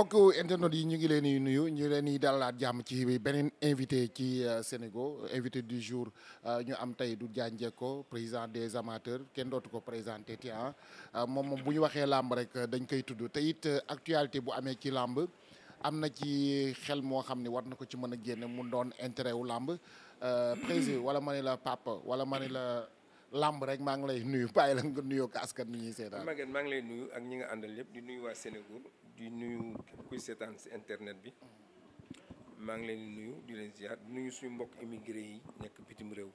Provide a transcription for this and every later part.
mbokk internet yi ñu ngi leen di nuyu ñu leen daal dalalaat jàmm ci beneen invité ci euh, Sénégo invité du jour euh, ñu am tey du Dianjeko président des amateurs kenn dootu ko présenté ti ah euh, moom moom bu ñu waxee làmb rek dañ koy tudd te it actualité bu amee ci làmb am na ci xel moo xam ni war na ko ci mën a génne mu doon intérêt wu làmb président wala ma ne la papa wala ma ne la làmb rek maa ngi lay nuyu bàyyi la nga nuyoo ko askan ni ñuy seetaan. Maguette maa ngi lay nuyu ak ñi nga àndal yëpp di nuyu waa Sénégal. di nuyu képp kuy seetaan si internet bi maa ngi leen nuyu di leen ziar nuyu suñu mbokk immigré yi nekk bitim réew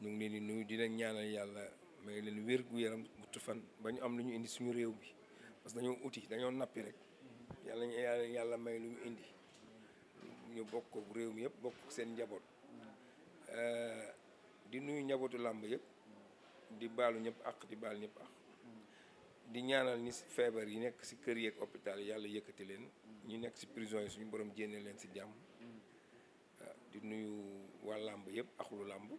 ñu ngi leen di nuyu di leen ñaanal yàlla may leen wér gu yaram fan ba ñu am lu ñu indi suñu réew bi parce que dañoo uti dañoo nappi rek yàlla ñu yàlla may lu indi ñu bokk réew mi yëpp bokk seen njaboot eh, di nuyu njabootu làmb yëpp di baalu ñëpp àq di baal ñëpp àq. di ñaanal ñi si feebar yi nekk si kër yeeg hôpital yàlla yëkkati leen. ñu nekk si prison yi suñu borom jénne leen si jàmm. Ah, di nuyu waa làmb yëpp ak làmb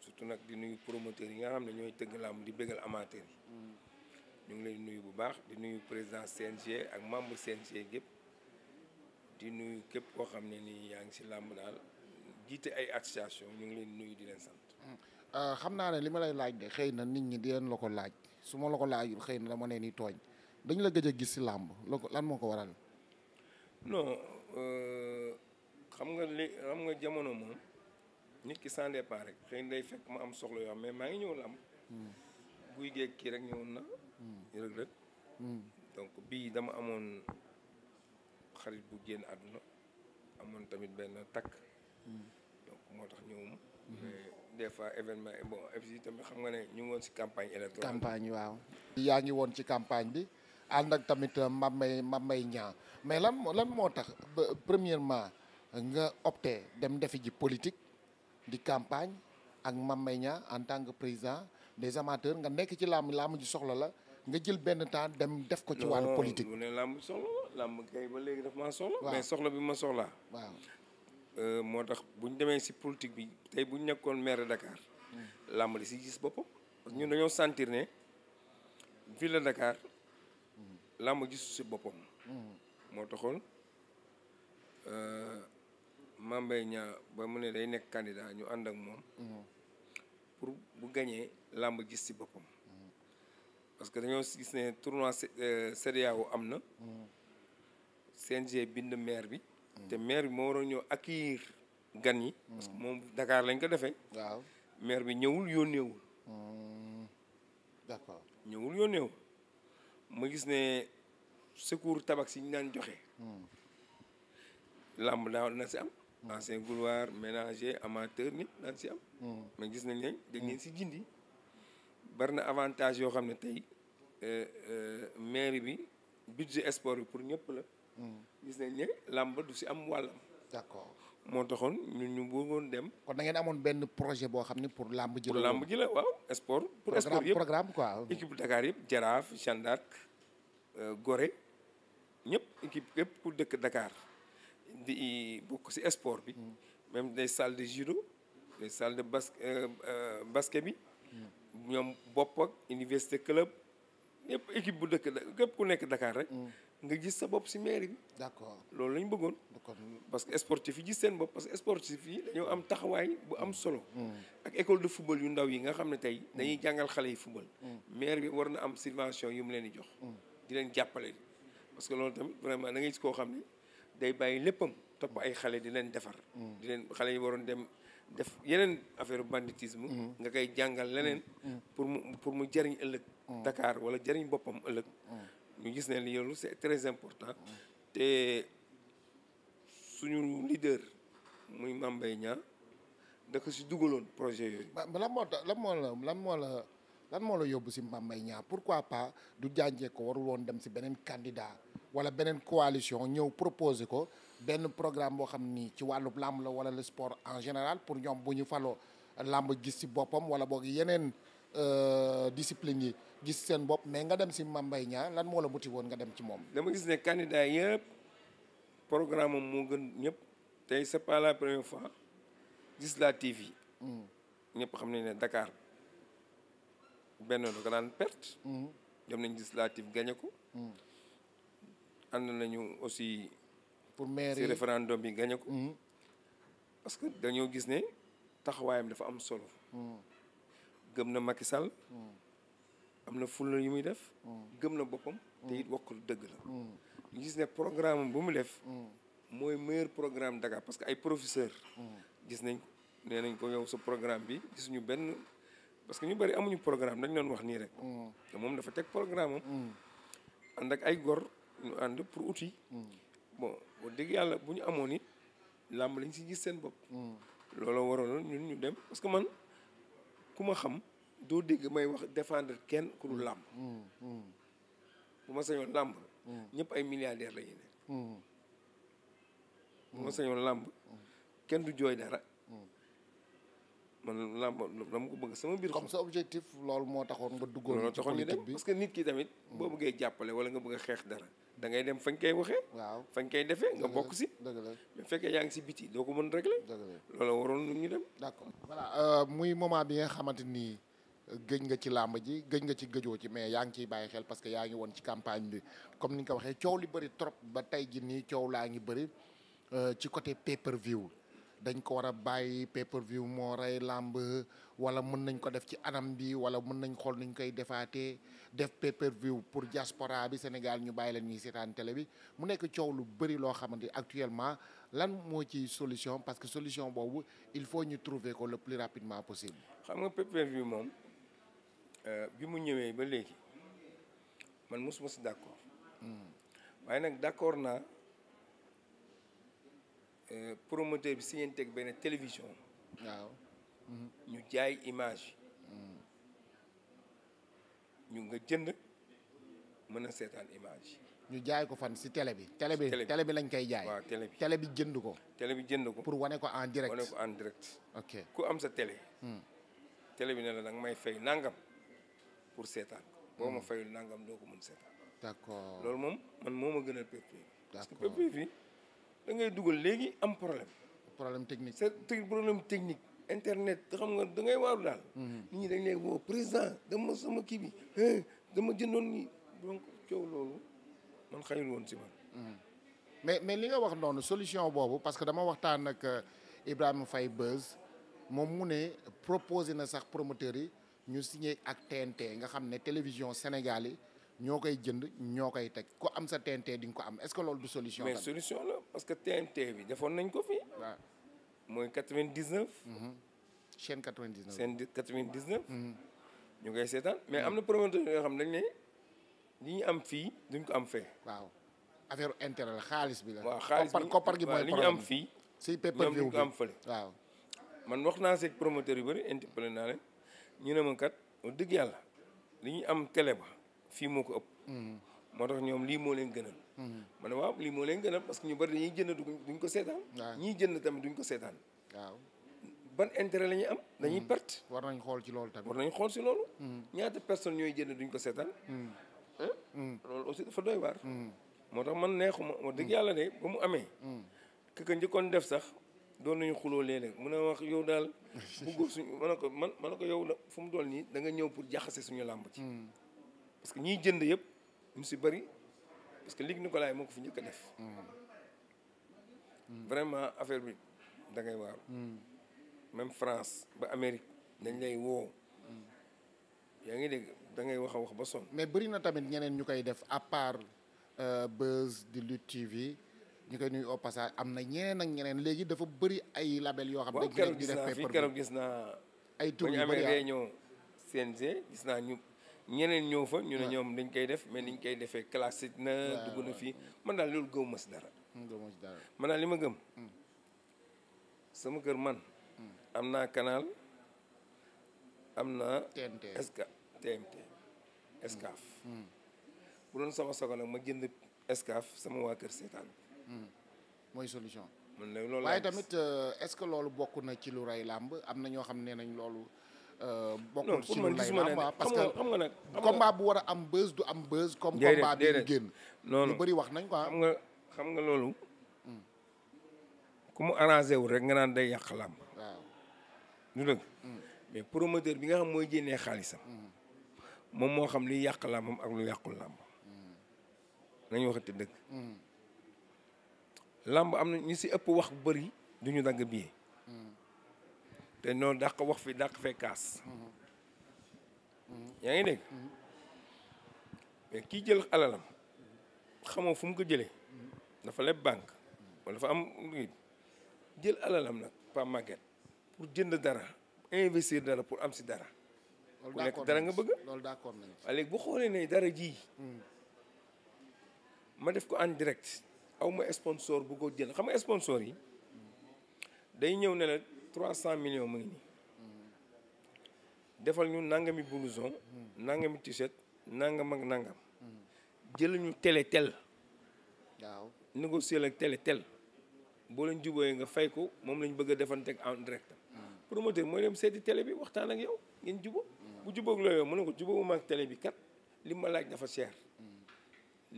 surtout nag di nuyu promoteurs yi nga xam ne ñooy tëgg làmb di bëggal amateur yi. ñu ngi lay nuyu bu baax di nuyu président CNG ak membre CNG gépp di nuyu képp koo xam ne nii yaa ngi si làmb daal jiite ay association ñu ngi leen nuyu di leen sant. Ah, xam naa ne li ma lay laaj de xëy na nit ñi di leen la ko laaj. su ma la ko laajul xëy na dama nee ni tooñ dañu la gëj a gis si làmb lan moo ko waral. non euh, xam nga li xam nga jamono moom nit ki sans départ rek xëy na day fekk ma am soxla yoo mais maa ngi ñëw làmb. Hmm. guy geeg kii rek ñëwoon na. Hmm. Reug hmm. donc bii dama amoon xarit bu génn àdduna amoon tamit benn takk. moo tax ñëwuma. des fois événement bon aussi tamit xam nga ne ñu ngi woon si campagne électorale. campagne waaw. yaa ngi woon ci campagne bi ànd ak tamit euh, Mame Mbaye ñaa mais lan lan moo tax premièrement nga opté dem defi ji politique di campagne ak Mame may Niang en tant que président des amateurs nga nekk ci làmb làmb ji soxla la nga jël benn temps dem def ko ci wàllu politique. non ne làmb soxla làmb kay ba léegi daf maa soxla. mais soxla bi ma soxlaa. waaw Euh, moo tax bu ñu demee si politique bi tey bu ñu nekkoon meer de Dakar. làmb di si gis boppam. parce que ñun dañoo sentir ne ville si boppam. moo taxoon euh, Mame Mbaye ba mu ne day nekk candidat ñu ànd ak moom. bu gañee làmb gis si boppam. parce que dañoo gis ne tournoi CEDEAO euh, am na. CNG bind maire bi. te maire bi moo waroon ñëw accueillir gan yi. parce que mm. moom Dakar lañ ko defee. waaw maire bi ñëwul yónneewul. Mm. d'accord ñëwul yónneewul ma gis ne secours tabax yi ñu daan joxe. Mm. làmb daaw na si am. ancien couloir ménager amateur nit daan si am. mais gis nañ ne dañ leen si jindi bari na avantage yoo xam ne tey euh, euh, maire bi budget sport bi pour ñëpp la. gis nañ ne làmb du si am wàllam. d'accord moo taxoon ñu ñu bëggoon dem. kon da ngeen amoon benn projet boo xam ne pour làmb ji la. pour làmb ji la waaw sport. pour sport yëpp programme quoi. équipe Dakar yëpp Jaraaf Jeanne d'Arc euh, Gorée ñëpp équipe yëpp ku dëkk Dakar di bokk si sport bi. Mm. des salles de judo des salles de euh, euh, basket bi. Mm. ñoom bopp ak université club ñëpp équipe bu dëkk képp ku nekk Dakar rek. Mm. nga gis sa bopp si mair bi. d'accord loolu lañ bëggoon. parce que sportif yi gis seen bopp parce que sportif yi dañoo am taxawaay bu am mm. solo. Mm. ak école de football yu ndaw yi nga xam ne tey. Mm. dañuy jàngal xale yi football. mair bi war na am subvention yu mu leen di jox. di leen jàppale parce que loolu tamit vraiment da ngay gis koo xam ne day bàyyi léppam topp ay xale di leen defar. di leen xale yi waroon dem. def yeneen affaire banditisme. nga koy jàngal leneen. pour mu pour mu jëriñ ëllëg. Dakar wala jëriñ boppam ëllëg. ñu gis ne loolu c'est très important te suñu leader muy Mame Mbaye Niang da ko si dugaloon projet yooyu. lan moo tax lan la lan moo la lan moo la yóbbu si Mame Mbaye Niang pourquoi pas du jànjee ko warul woon dem si beneen kandidaa wala beneen coalition ñëw proposer ko benn programme boo xam ni ci wàllu làmb la wala le sport en général pour ñoom bu ñu faloo làmb gis si boppam wala boog yeneen euh, discipline yi. gis seen bopp mais nga dem si Mame Mbaye Niang lan moo la muti woon nga dem ci moom. dama gis ne candidat yëpp programme am moo gën ñëpp tey c'est pas la première fois législative yi. Hmm. ñëpp xam nañ ne Dakar benn da hmm. dem nañ législative gagné ko. Hmm. ànd nañu aussi. pour maire yi si référendum yi gagné ko. parce que dañoo gis ne taxawaayam dafa am solo. gëm na Macky Sall. am na fulla yu muy def. Mm. gëm na boppam. te it mm. wokkul dëgg la. Mm. ñu gis ne programme bu mu def. mooy meilleur programme Dakar parce que ay professeur gis nañ nee nañ ko yow sa programme bi gisuñu benn parce que ñu bëri amuñu programme dañ doon wax nii rek. te moom dafa teg programme am. ànd ak ay gor ñu ànd pour outil. bon boo dégg yàlla bu ñu amoon it làmb lañ si gis seen bopp. looloo waraloon ñun ñu dem parce que man ku ma xam. doo dégg may wax défendre kenn ku dul mm. làmb mm. Mm. bu ma sañoon làmb ñëpp ay milliardaires la ñuy ne bu ma sañoon làmb kenn du jooy dara man làmb dama ko bëgg sama biir comme sa objectif loolu moo taxoon nga duggoon loolu taxoon ñu dem parce que nit ki tamit boo bëggee jàppale wala nga bëgg a xeex dara da ngay dem fañ koy waxee waaw fañ koy defee nga bokk si dëgg la mais fekkee yaa ngi si biti doo ko mën régler loolu waroon ñu dem d'accord voilà euh, muy moment bi nga xamante nii gëj nga ci làmb ji gëj nga ci gëjoo ci mais yaa ngi ciy bàyyi xel parce que yaa ngi woon ci campagne bi comme ni nga ko waxee coow li bëri trop ba tey ji nii coow laa ngi bëri euh, ci côté pay per view dañ ko war a bàyyi pay per view moo rey làmb wala mën nañ ko def ci anam bi wala mën nañ xool nuñ koy defaatee def pay per view pour diaspora bi Sénégal ñu bàyyi leen ñuy seetaan télé bi mu nekk coow lu bëri loo xamante actuellement lan moo ci solution parce que solution boobu il faut ñu trouver ko le plus rapidement possible. Euh, bi mu ñëwee ba léegi man mosuma si d'accord waaye nag d'accord naa euh, promoteur bi siñeenteeg benn télévision waaw ñu jaay image ñu nga jënd mën a seetaan image ñu jaay ko fan si télé bi télé bi télé bi lañ koy jaay waaw télé bi télé bi jënd ko télé bi jënd ko pour wane ko en direct wane ko en ok ku am sa télé hmm. télé bi ne la nag may fay nangam pour seetaan boo ma hmm. fayul nangam doo ko mun seetaan. d'accord loolu moom man moo ma gënal pay per view. parce da ngay dugal léegi am problème. problème technique c'est problème technique. internet xam nga da ngay waaru daal. Hmm. nit ñi dañ lay woo président dama sama kii bi dama jëndoon nii donc coow loolu man xayul woon si man. Hmm. mais li nga wax noonu solution boobu parce que dama waxtaan ak euh, Ibrahima Faye Beuz moom mu ne proposé na sax promoteurs yi. ñu signé ak TNT nga xam ne télévision Sénégal yi ñoo koy jënd ñoo koy teg ku am sa TNT di nga ko am est-ce que loolu du solution. solution la parce que TNT bi defoon nañ ko mooy fi. waaw mooy 99. chaîne 99. chaîne 99. Mm-hmm. ñu koy seetaan mais mm-hmm. am na promoteur yoo xam ne dañ ne li ñu am fii duñ ko am fee. waaw affaire intérêt la xaalis bi la. waaw xaalis bi koppar gi mooy li ñu am fii. si pay per bi am fële. waaw man wax naa seeg promoteur yu bëri interpellé naa leen. ñu ne ma kat wax dëgg yàlla li ñu am télé ba fii moo ko ëpp. Mm-hmm. moo tax ñoom lii moo leen gënal. Mm-hmm. ma ne waaw lii moo leen gënal parce que ñu bari dañuy jënd duñ ko seetaan. waaw ñiy jënd tamit duñ ko seetaan. waaw ban intérêt la ñuy am. dañuy mm-hmm. perte. war nañ xool ci loolu tamit war nañ xool ci loolu. ñaata personne ñooy jënd duñ ko seetaan. loolu aussi dafa doy waar. moo tax man neexuma wax dëgg yàlla de ba mu amee. que njëkkoon def sax. doon nañu xuloo léeg-léeg mu wax yow daal bëggoo suñu ma ne ko man ma ne ko yow fu mu dool nii da nga ñëw pour jaxase suñu làmb ci hmm. parce que ñiy jënd yëpp ñu si bëri parce que Luc Nicolaï moo ko fi njëkk a def hmm. Hmm. vraiment affaire bi da ngay waaru même France ba Amérique dañ lay woo yaa ngi dégg da ngay wax a wax ba sonn mais bëri na tamit ñeneen ñu koy def à part euh, Buzz di Lutte TV ñu koy nuyu au passage am na ñeneen ak ñeneen léegi dafa bëri ay label yoo xam ne dañ di def paper keroog gis naa ay tur yu bëri ah. réunion CNG gis naa ñu ñeneen ñëw fa ñu ne ñoom dañ koy def mais niñ koy defee classique na dugg na fii man daal loolu gëw ma mm, si dara man daal li ma gëm mm. sama kër man mm. am naa canal am na SK TMT Escaf bu doon sama sogo nag ma jënd Escaf sama waa kër seetaan mooy solution. man loolu waaye tamit euh, est-ce que loolu bokk na ci lu rey làmb am na ñoo xam ne nañ loolu. Euh, bokkul ci lu rey làmb ah, parce que xam nga nag. combat bu war a am buzz du am buzz. comme combat bi ñu génn. non lu bëri wax nañ quoi. am nga xam nga loolu. Hmm. ku mu arrangé wul rek nga naan day yàq làmb. waaw du dëgg. Hmm. mais promoteur bi nga xam mooy génnee xaalisam. Hmm. moom moo xam liy yàq làmbam ak lu yàqu làmb. nañu waxati dëgg. làmb am na ñu si ëpp wax bu bari duñu ñu dagg billet mm-hmm. te noonu dàq wax fi dàq fee kaas mm-hmm. yaa ngi dégg mm-hmm. mais kii jël alalam xamoo fu mu ko jëlee dafa leb bànk wala dafa am jël alalam nag pas maguette pour jënd dara investir dara pour am si dara ku nekk dara nga bëgg loolu d'accord nañ waaye léegi bu xoolee ne dara ji mm. ma def ko en direct aw ma sponsor bu ko jël xam nga sponsor yi day ñëw ne la trois cent millions mu ngi nii defal ñu nangami blouson nangami t-shirt nangam ak nangam jël ñu télé tel waaw négocier ak télé tel boo leen jubóoyee nga fay ko moom lañ bëgg a defanteeg en direct promoteur mooy dem seeti télé bi waxtaan ak yow ngeen jubóo bu jubóog la yow mu ne ko jubóobu ma ak télé bi kat li ma laaj dafa cher mm.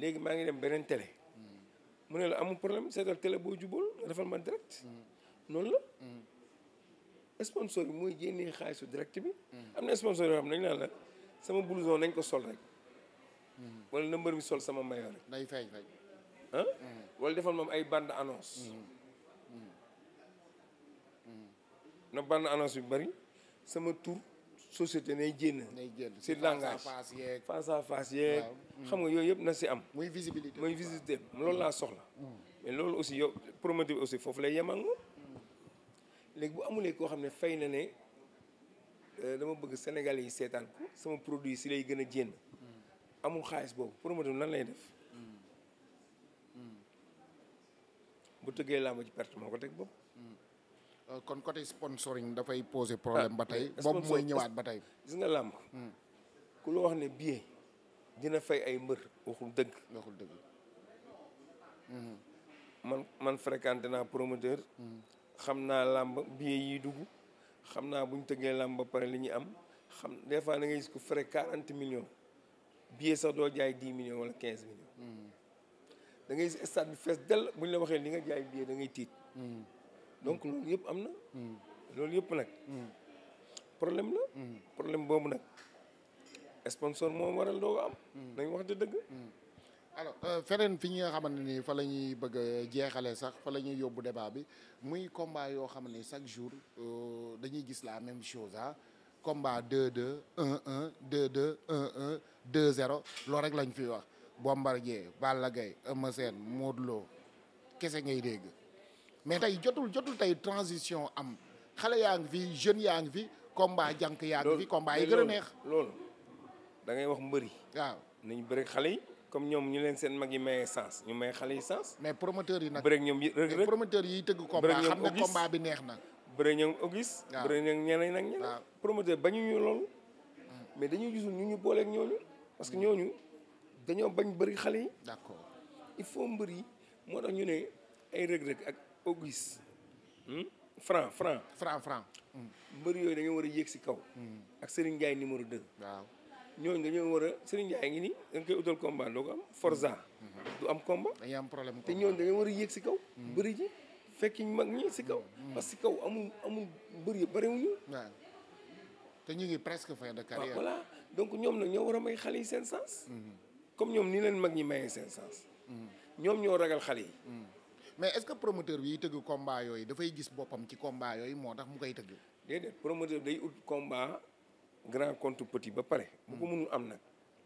léegi maa ngi dem beneen télé mu ne la amul problème seetal télé boo jubal nga ma direct. noonu la. sponsor bi mooy génnee xaalisu direct bi. am na sponsor yoo xam ne dañu la sama blouson nañ ko sol rek. wala nëmbër bi sol sama maillot rek. day fay fay. ah. Mm-hmm. wala defal moom ay bande annonce. Mm-hmm. Mm-hmm. na bande annonce yu bari sama tur. société nay génn. nay génn si langage face à face yeeg xam nga yooyu yëpp na si am. muy visibilité muy visibilité loolu laa soxla. Mm. mais loolu aussi yow promoteur bi aussi foofu lay yem ak moom. Mm. léegi bu amulee koo xam ne fay na ne euh, dama bëgg Sénégalais yi seetaan ko sama produit si lay gën a génn. Mm. amul xaalis boobu promoteur bi lan lay def. bu tëggee làmb ci perte moo ko teg bopp. Euh, kon côté sponsoring dafay poser problème ah, ba tey boobu mooy ñëwaat ba tey gis nga làmb hmm. ku la wax ne billet dina fay ay mbër waxul dëgg waxul dëgg hmm. man man fréquenté naa promoteur hmm. xam naa làmb billet yiy dugg xam naa bu tëggee làmb ba pare li ñuy am xam des fois da gis ku frais quarante millions billet sax doo jaay dix millions wala quinze millions da gis stade bi fees dell bu ñu la waxee li nga jaay billet da ngay tiit donc loolu yëpp am na. Hmm. loolu yëpp nag. Hmm. problème la. Hmm. problème boobu nag sponsor moom waral doo am. nañ wax de dëgg. alors euh, feneen fi ñi nga xamante ni fa la ñuy bëgg a jeexalee sax fa la ñuy yóbbu débat bi muy combat yoo xam ni chaque jour euh, dañuy gis la même chose ah combat 2-2 1-1 2-2 1-1 2-0 loolu rek lañ fi wax Bombardier Balla Gaye Eumeu Sène Modou Lo kese ngay dégg. mais tey jotul jotul tey transition am xale yaa ngi fi jeunes yaa ngi fi combat jànk yaa ngi fi. combat yi gën a neex lool da ngay wax mbëri. waaw nañ bëri xale yi. comme ñoom ñu leen seen mag yi maye sens ñu may xale yi sens. mais promoteur yi nag bëreeg ñoom yi rëg rëg promoteur yi tëgg combat xam ne combat bi neex na. bëreeg ñoom Auguste. waaw bëreeg ñoom ñeneen ak ñeneen. waaw promoteur bañu ñu loolu. Mm. mais dañuy gisul ñu ñu booleeg ñooñu. parce que mm. ñooñu dañoo bañ bëri xale yi. d'accord il faut mbër yi moo tax ñu ne ay rëg ak Auguste. Hmm? franc franc franc franc. Hmm. mbër yooyu dañoo war a yéeg si kaw. Hmm. ak sëriñ Ndiaye numéro 2. waaw ñooñu dañoo war a Serigne ngi nii da nga koy utal combat doo ko am Forza. du am combat. dañuy am te ñooñu dañoo war a yéeg si kaw. bëri ji fekk ñu mag ñi si kaw. parce que kaw amul amul mbër yu bëriwuñu. te ñu ngi presque fin de carrière. voilà donc ñoom nag ñoo war a may xale yi seen sens. comme ñoom ni leen mag ñi mayee seen sens. ñoom ñoo ragal xale yi. mais est-ce que promoteur bi tëgg combat yooyu dafay gis boppam ci combat yooyu moo tax mu koy tëgg. déedéet promoteur day ut combat grand contre petit ba pare. bu ko mënul hmm. am nag.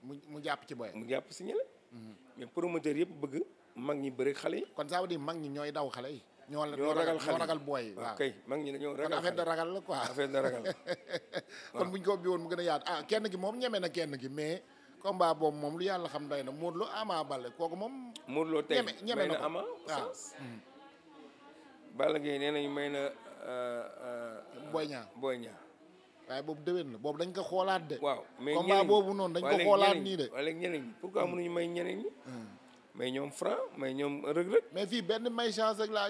mu mu jàpp ci boyal. mu jàpp si ñeneen. Hmm. mais promoteur yëpp bëgg mag ñi bëri xale yi. kon ça veut dire mag ñi ñooy daw xale yi. ñoo ragal xale ñoo ragal booy yi waaw kay mag ñi ñoo ragal affaire de ragal la quoi. affaire de ragal kon bu ñu ko ubbi woon mu gën a yaatu ah kenn gi moom ñeme na kenn gi mais. comme combat boobu moom lu yàlla xam day na Modou Lo Ama Baldé kooku moom. Modou Lo tey may na Ama waaw. Mm. Balla Gaye nee nañu may na. Euh, euh, booy Niang booy Niang. waaye boobu deween la boobu dañ ko xoolaat de. waaw mais ñeneen boobu noonu dañ ko xoolaat nii de. waaye léegi mm. mais mm. ñoom franc mais ñoom rëg mais fii benn may chance rek laa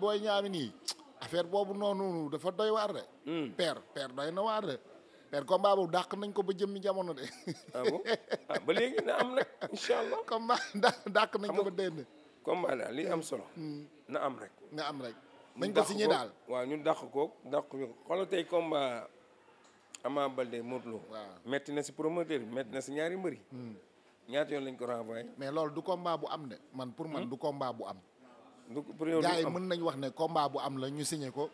Boy Niang nii affaire boobu noonu dafa doy waar de. père père doy na waar de. père combat bu dàq nañ ko ba jëmmi jamono de. Ah ah, ba léegi na am nag incha allah. combat dàq nañ ko ba déedéet. daal li am solo. Hmm. na am rek. na am rek. nañ ko signé daal waaw ñun dàq ko dàq ko xoolal tey combat Ama Baldé Modou Lo. waaw metti na si promoteur bi metti na si ñaari mbëri. Hmm. ñaata yoon lañ ko renvoyé. mais loolu du combat bu am de man pour man hmm? du combat bu am. du yi mën nañ wax ne combat bu am la ñu signé ko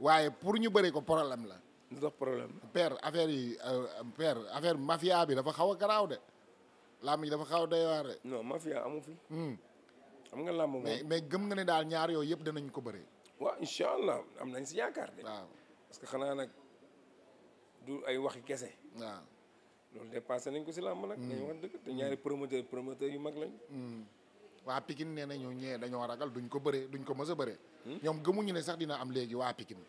waaye pour ñu bëree ko problème la. lu problème père affaire yi euh, père affaire mafia bi dafa xaw a garaaw de làmb dafa xaw a doy de. mafia amu fi. Hmm. xam nga làmb moom mais gëm nga ne daal ñaari yooyu yëpp danañ ko bëree. waaw incha allah am nañ si yaakaar de. waaw parce que xanaa nag du ay waxi kese. waaw loolu dépassé nañ ko si làmb hmm. dañu wax dëgg te hmm. ñaari promoteur promoteur yu mag lañ. waa Pikine nee nañu ñee dañoo ragal duñ ko bëree duñ ko mës a bëree. ñoom gëmuñu ne sax dina am léegi waa Pikine.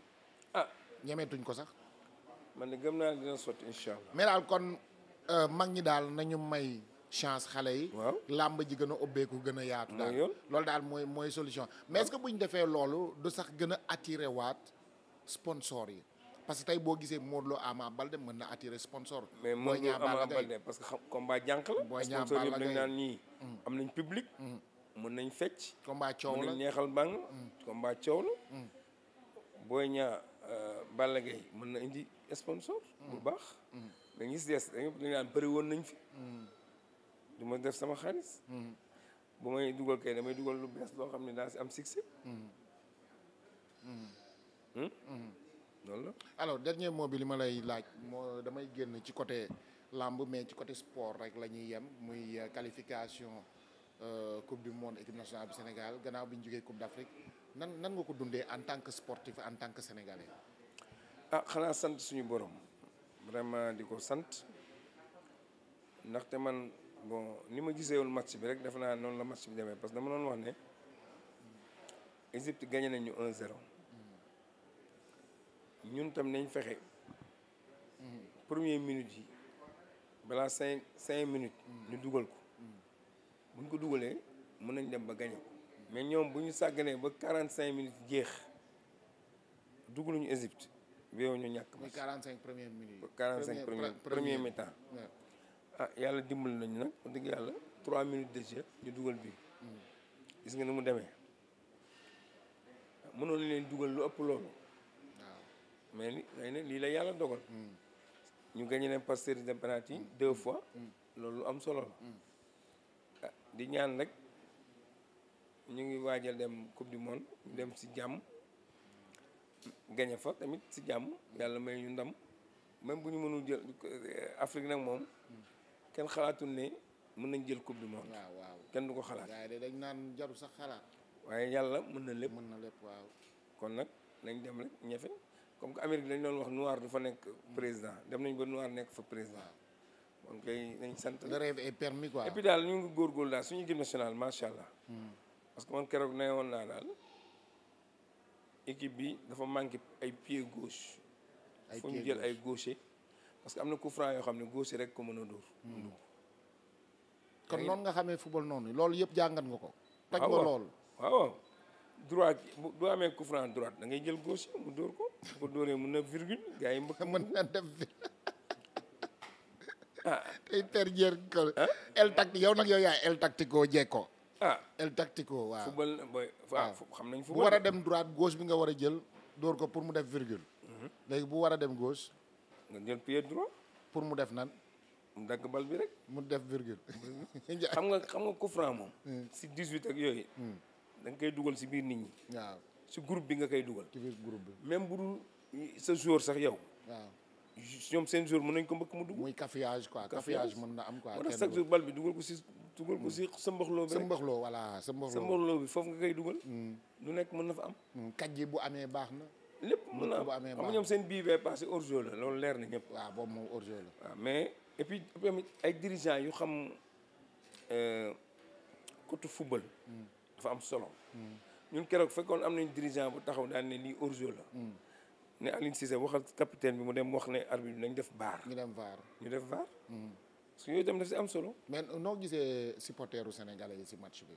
ah ñemeetuñ ko sax. man de gëm naa dina sotti incha allah. mais daal kon euh, mag ñi daal nañu may chance xale yi. waaw làmb ji gën a ubbeeku gën a yaatu. daal loolu daal mooy mooy solution. mais est-ce que ñu defee loolu du sax gën a attiré waat sponsor yi parce que tey boo gisee Modou Lo Ama Baldé mën na attiré sponsor. mais Modou Lo Ama Baldé parce que xam combat jànq la. booy ñaar sponsor yëpp dañu naan mm. am nañ public. Mm. mën nañ fecc. combat coow la mën nañ neexal bàng. Mm. combat booy ñaar. Euh, Balla Gaye mën na indi sponsor. mu mm. baax. Mm. dañuy des dañuy naan woon nañ fi. Mm. du ma def sama xaalis. bu may dugal kay damay dugal lu bees xam ne daa si am succès. Hmm? loolu la. alors dernier mot bi li ma lay laaj moo damay génn ci côté làmb mais ci côté sport rek la ñuy yem muy euh, qualification euh, coupe du monde équipe nationale bu Sénégal gannaaw bi ñu jógee coupe d'Afrique. nan nan nga ko dundee en tant que sportif en tant que sénégalais. ah xanaa sant suñu borom vraiment di ko sant ndaxte man bon ni ma gisee woon match bi rek def naa noonu la match bi demee parce que dama doon wax ne Égypte gagné nañu 1-0 ñun tam nañ fexe premier minute yi balaa cinq cinq minutes. ñu dugal ko. Mm. buñ ko dugalee mën nañ dem ba gagné ko. mais ñoom bu ñu sàgganee ba quarante cinq minutes jeex dugg nañu Égypte béyoon ñu ñàkk match. muy quarante cinq premières minutes. quarante cinq première premier mi-temps. ah yàlla dimbali nañu nag wax dëgg yàlla trois minutes de jeu ñu dugal bii. Mm. gis nga ni mu demee mënoon nañ leen dugal lu ëpp loolu. mais li xëy lii la yàlla dogal. Mm. ñu gagné leen par série de penalty mm. deux fois. loolu am solo ah, di ñaan rek. ñu ngi waajal dem coupe du monde dem si jàmm gañe fa tamit si jàmm yàlla may ñu ndam même bu ñu mënul jël eh, Afrique nag moom kenn xalaatul ne mën nañ jël coupe du monde. waaw waaw kenn du ko xalaat. gars yi dañ naan jaru sax xalaat. waaye yàlla mën na lépp mën na lépp waaw. kon nag nañ dem rek ñefe comme que Amérique dañ doon wax noir du fa nekk président dem nañ ba noir nekk fa président. kon kay nañ sant. le rêve est permis quoi. ñu ngi góorgóorlu daal suñu équipe nationale macha allah. Hmm. parce que man keroog ne woon naa daal équipe bi dafa manqué ay pied gauche. ay fu jël ay gaucher parce que am na coup yoo xam ne gaucher rek ko mën a dóor. Hmm. kon noonu nga xamee football noonu loolu yëpp jàngat nga ko. toj nga lool droit bu amee coup franc dangay jël gauche mu dóor ko bu dóoree mun na virgule gars yi mbëkk mën na def ah tey ko el tactique yow nag yow yaay el tactico jekko ah el tactico waa football mooy waaw nañ football bu war a dem droite gauche bi nga war a jël dóor ko pour mu def virgule mhm. léegi bu war a dem gauche nga jël pied droit pour mu def nan mu dagg bal bi rek mu def virgule mhm. xam nga xam nga coup franc moom mm. si 18 ak yooyu mm. da nga koy dugal si biir nit ñi waaw si groupe bi nga koy dugal ci biir groupe bi même bu dul sa joueur sax yow waaw ñoom seen jour mën nañ ko mbëkk mu dugg. muy cafouillage quoi cafouillage mën na am quoi. kenn chaque jour bal bi dugal ko si dugal ko si mm. sa mbaxloo bi rek sa bi foofu nga koy dugal. Mm. lu nekk mën na fa am. Mm, kaj yi bu amee baax na. lépp mën na am am ñoom seen bii bee passé hors jeu la leer na ñëpp. la. waaw mais et puis tamit ay dirigeants yu xam euh, côté football. dafa am solo. ñun keroog fekkoon am nañ dirigeant bu taxaw daan ne lii la. ne Aline Cissé waxal capitaine bi mu dem wax ne arbitre bi nañ def VAR. ñu dem VAR ñu def VAR. Mm-hmm. parce que yooyu itam daf si am solo. mais noo gisee supporteru Sénégalais yi si match bi.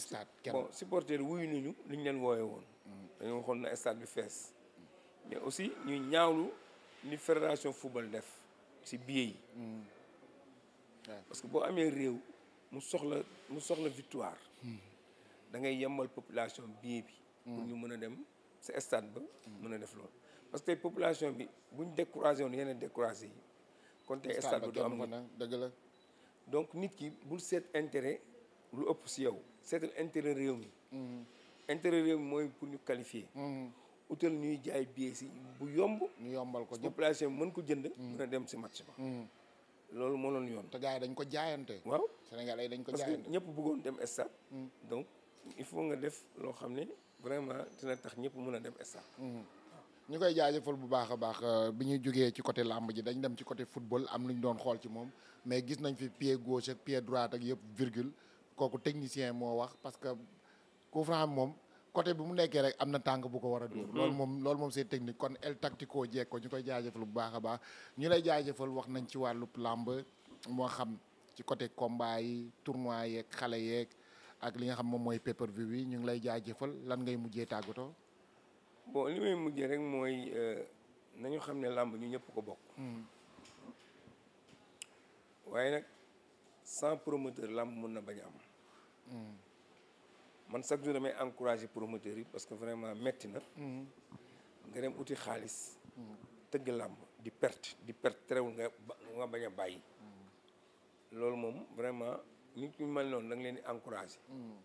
stade kenn bon supporter wuyu nañu li ñu leen wooyee woon. Mm-hmm. dañoo waxoon na stade bi fees. mais aussi ñuy ñaawlu ni fédération football def si billet yi. Mm-hmm. parce que boo amee réew mu soxla mu soxla victoire. da ngay yemal population billet bi. pour ñu mën a dem. si stade ba mën a def loolu parce que population bi buñ découragé woon yeneen découragé yi kon tey stade ba du am dëgg la donc nit ki bul seet intérêt lu ëpp si yow seetal intérêt réew mi mhm. intérêt réew mi mooy pour ñu qualifier mhm. utal ñuy jaay billet si bu yomb ñu yombal ko population bi mën ko jënd mhm. mën a dem si match ba loolu moo doon yoon te gars yi dañ ko jaayante waaw Sénégal yi dañ ko jaayante parce que ñëpp bëggoon dem stade donc il faut nga def loo xam ne vraiment dina tax ñëpp mën a dem stade hmm. ñu koy jaajëfal bu baax a baax euh, bi ñuy jógee ci côté làmb ji dañ dem ci côté football am lu ñu doon xool ci moom mais gis nañ fi pied gauche ak pied droite ak yëpp virgule kooku technicien moo wax parce que coup moom côté bi mu nekkee rek am na tànk bu ko war a dóor hmm. loolu hmm. moom loolu moom c'est technique kon el tactico jeeg ñu koy jaajëfal bu baax a baax ñu lay jaajëfal wax nañ ci wàllu làmb moo xam ci côté combat yi tournoi yeeg xale yeeg ak li nga xam moom mooy pay per yi ñu ngi lay jaajëfal lan ngay mujjee tàggatoo. bon li may mujjee rek mooy euh, nañu xam ne làmb ñu ñëpp ko bokk. Hmm. waaye nag sans promoteur làmb mun na bañ am. Hmm. man chaque jour damay encourager promoteurs yi parce que vraiment metti na. Hmm. nga dem uti xaalis. tëgg làmb di perte di perte terewul nga ba nga bañ a bàyyi. loolu moom vraiment. nit ñu mel noonu da leen di encouragé. Hmm.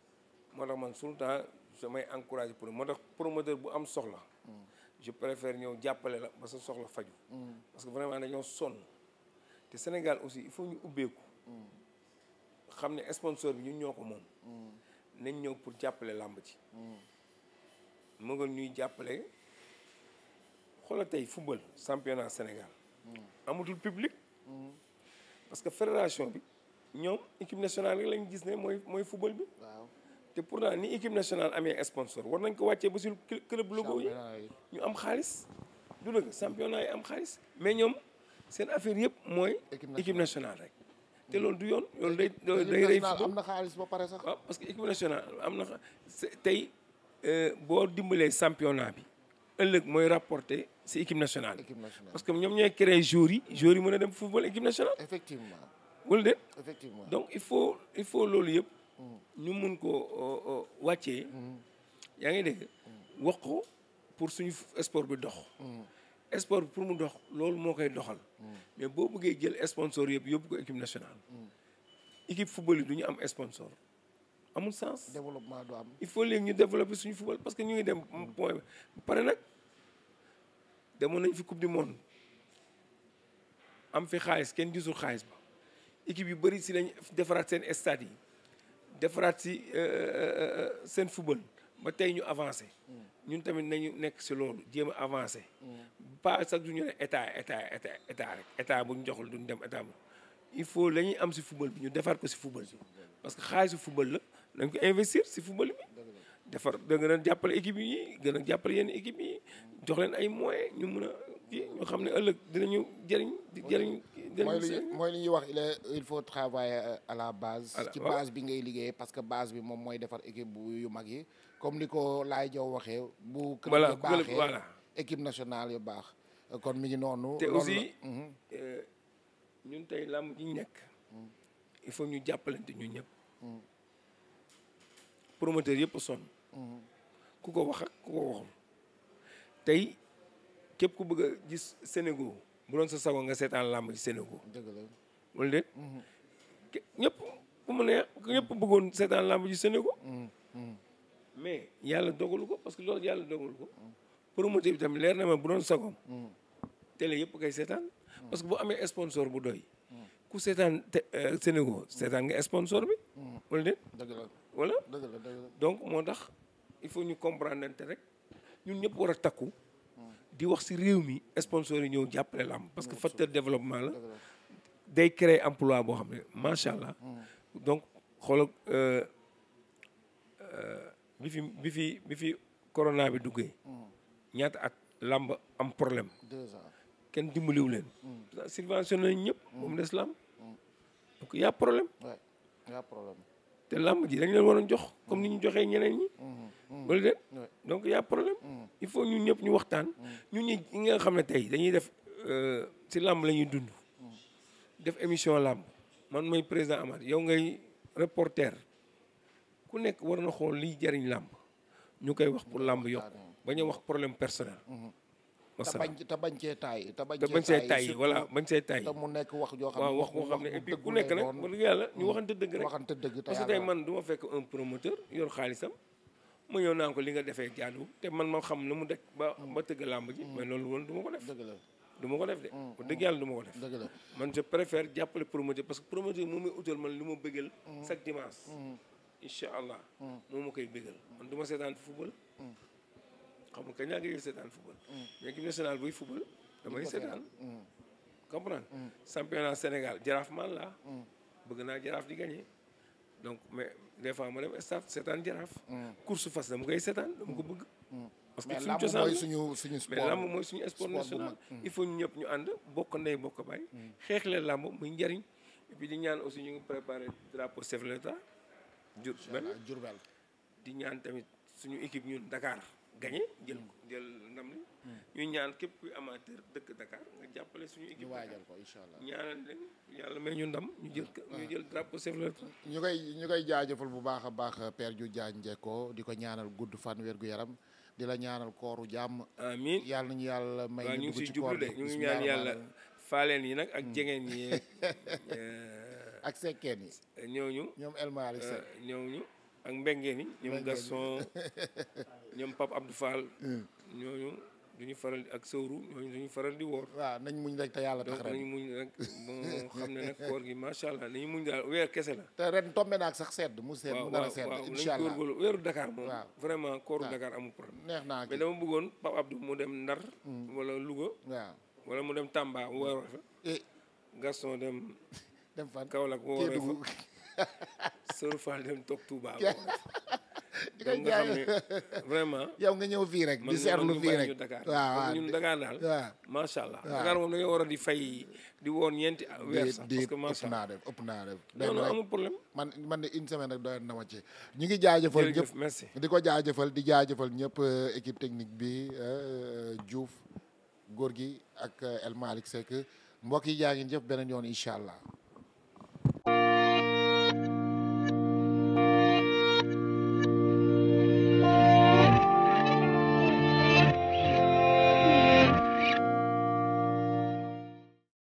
moo tax man suñu temps samay encouragé pour moo tax promoteur bu am soxla. Hmm. je préfère ñëw jàppale la ba sa soxla faju hmm. parce que vraiment dañoo sonn te Sénégal aussi il faut ñu ubbeeku. xam ne sponsor bi ñun ñoo ko moom. nañ ñëw pour jàppale làmb ci. mu ñuy jàppale xoola tey football championnat Sénégal. amatul public. parce que fédération bi. ñoom équipe nationale rek lañ gis ne mooy mooy football bi. waaw te pourtant ni équipe nationale amee sponsor war nañ ko wàccee ba sur club logo yi ñu am xaalis. du dëgg championnat yi am xaalis mais ñoom seen affaire yëpp mooy. équipe nationale rek. te hmm. loolu yoon loolu day. day rey football ba pare sax. parce que équipe nationale am na tey euh, boo dimbalee championnat bi ëllëg mooy rapporté si équipe nationale. équipe nationale parce que ñoom ñooy créé jour yi jour a dem football équipe nationale. effectivement. wala de effectivement donc il faut il faut loolu yëpp ñu mun ko euh, euh, wàccee mm-hmm. yaa ngi de mm-hmm. wax ko pour suñu sport bi dox mm-hmm. sport bi pour mu dox loolu moo koy doxal mais boo bëggee jël sponsor yëpp yóbbu ko équipe nationale équipe football yi du ñu am sponsor amul sens développement du am il faut léegi ñu développer suñu football parce que ñu ngi dem point bi pare nag demoon nañ fi coupe du monde am fi xaalis kenn gisul xaalis équipe yu bëri si lañ defaraat seen stade yi defaraat si euh, euh, euh, seen football ba tey ñu avancé ñun tamit nañu nekk si loolu jéem a avancé pas sax du ñu ne état état état état rek bu ñu joxul duñ dem état il faut la ñuy am si football bi ñu defar ko si football bi parce que xaalisu football la dañ ko investir si football bi defar da nga jàppale équipe yi gën a jàppale yenn équipe yi jox leen ay moyens ñu mun a kii ñu xam ne ëllëg dinañu jëriñ di jëriñ mooy li mooy li ñuy wax il faut travailler à la base. ci base bi ngay liggéey parce que base bi moom mooy defar équipe bu yu mag yi comme ni ko Laye Diaw waxee. bu kër yu baaxee équipe nationale yu baax. kon mi ngi noonu. te aussi mhm. euh, ñun tey làmb ji ñu mhm. il faut ñu jàppalante ñun ñëpp. Mhm. promoteur yëpp sonn. ku ko wax ku ko waxul. tey képp ku bëgg a gis Sénégal. bu doon sa sago nga seetaan làmb ci Sénégal. dëgg la mhm. ñëpp ku mu ne ñëpp bëggoon seetaan làmb ci Sénégal. Mhm. Mhm. mais yàlla dogalu ko parce que loolu yàlla dogalu ko. promoteur bi tamit leer na ma bu doon sagoom. télé yëpp kay seetaan. parce que bu amee sponsor bu doy. ku seetaan euh, Sénégal seetaan nga sponsor bi. wala déet. donc moo tax il faut ñu comprendre rek ñun ñëpp war a takku. di wax si réew mi sponsor yi ñëw jàppale làmb parce que facteur développement la day créer emploi boo xam ne macha allah. Mm. donc xoolal euh, euh, bi fi bi fi bi fi corona bi duggee. Mm. ñaata at làmb am problème. kenn dimbaliwu leen. Mm. subventionné nañ ñëpp moom des làmb donc problème. te làmb ji dañ leen waroon jox comme ni ñu joxee ñeneen ñi. Mm-hmm. Mm-hmm. wala déet donc y' problème. Mm-hmm. il faut ñun ñëpp ñu waxtaan. ñu ñi nga xam ne tey dañuy def euh, ci làmb la ñuy dund. def émission làmb man mooy président Amar yow ngay reporter ku nekk war na xool liy jariñ làmb ñu koy wax pour làmb yokk bañ a wax problème personnel. te bañ te bañ cee taay te bañ cee taay voilà bañ cee taay te mu nekk wax joo xam ne wax moo xam ne et ku nekk nag wax dëgg yàlla ñu waxante dëgg rek waxante dëgg man du ma fekk un promoteur yor xaalisam ma ñëw naa ko li nga defee jaadu te man ma xam na mu dek ba ba tëgg làmb ji mais loolu woon du ma ko def dëgg la du ma ko def de mm, mm. dëgg yàlla du ma ko def dëgg la man je préfère jàppale promoteur parce que promoteur moom may utal man li ma bëggal mm. chaque dimanche incha allah moom ma koy bëggal man du ma seetaan football xam nga kañ laa ngi seetaan football. Mm. mais gis national buy football. damay seetaan. Mm. comprendre. Mm. championnat Sénégal jaraaf man laa. bëgg naa jaraaf di gagné. donc mais des fois ma dem stade seetaan jaraaf. fas dama koy seetaan dama parce que suñu cosaan mooy suñu suñu sport mais suñu sport national. il faut ñu ñëpp ñu ànd bokk ndey bokk bay. xeex leen lamb muy njariñ di ñaan aussi ñu ngi préparé drapeau chef de l'État. Diourbel di ñaan tamit suñu équipe ñun Dakar. gañe jël ko ndam li hmm. ñu ñaan képp kuy amateur dëkk Dakar nga jàppale suñu équipe ñu waajal ko incha allah may ñu ndam ñu jël hmm. drapeau chef ñu koy ñu koy jaajëfal bu baax a baax per ju Diagne Diecko di ko ñaanal gudd fan wér gu yaram di la ñaanal kooru jàmm amiin yàlla nañu yàlla may ñu ngi si jublu de ñu ngi ñaan yàlla faaleen yi nag ak hmm. jegeen yi eh, ak sekkeen yi ñooñu ñoom elmaali se eh, ñooñu ak mbengeen yi ñoom Gaston ñoom Pape Abdou Fall. Mm. ñooñu duñu faral di ak sëwru ñooñu faral di woor. waaw nañ muñ rek te yàlla tax ren nañ muñ rek bon xam ne nag koor gi macha allah nañu muñ daal weer kese la. te ren tombé naag sax sedd mu sedd mu dara sedd incha allah waaw waaw weeru Dakar moom. vraiment kooru Dakar amul problème. neex naa mais dama bëggoon Pape Abdou mu dem Ndar. Mm. walla Louga. waaw wala mu dem Tamba woor fa. Eh. Gaston dem. dem fan Kaolack woor fa Sër dem toog Touba. di koy jaay vraiment. yow nga ñëw fii rek di seetlu fii rek waaw waaw ñun Dakar daal. waaw macha allah. waaw Dakar moom da nga war a di fay di woon ñeenti weer sax. parce que macha allah ëpp naa def ëpp naa def. non non amul problème. man man de une semaine rek doyoon na ma ci. ñu ngi jaajëfal ñëpp merci. di ko jaajëfal di jaajëfal ñëpp euh, équipe technique bi euh, Diouf góor gi ak euh, El Malick Seck mbokk yi jaa ngeen jëf beneen yoon incha allah.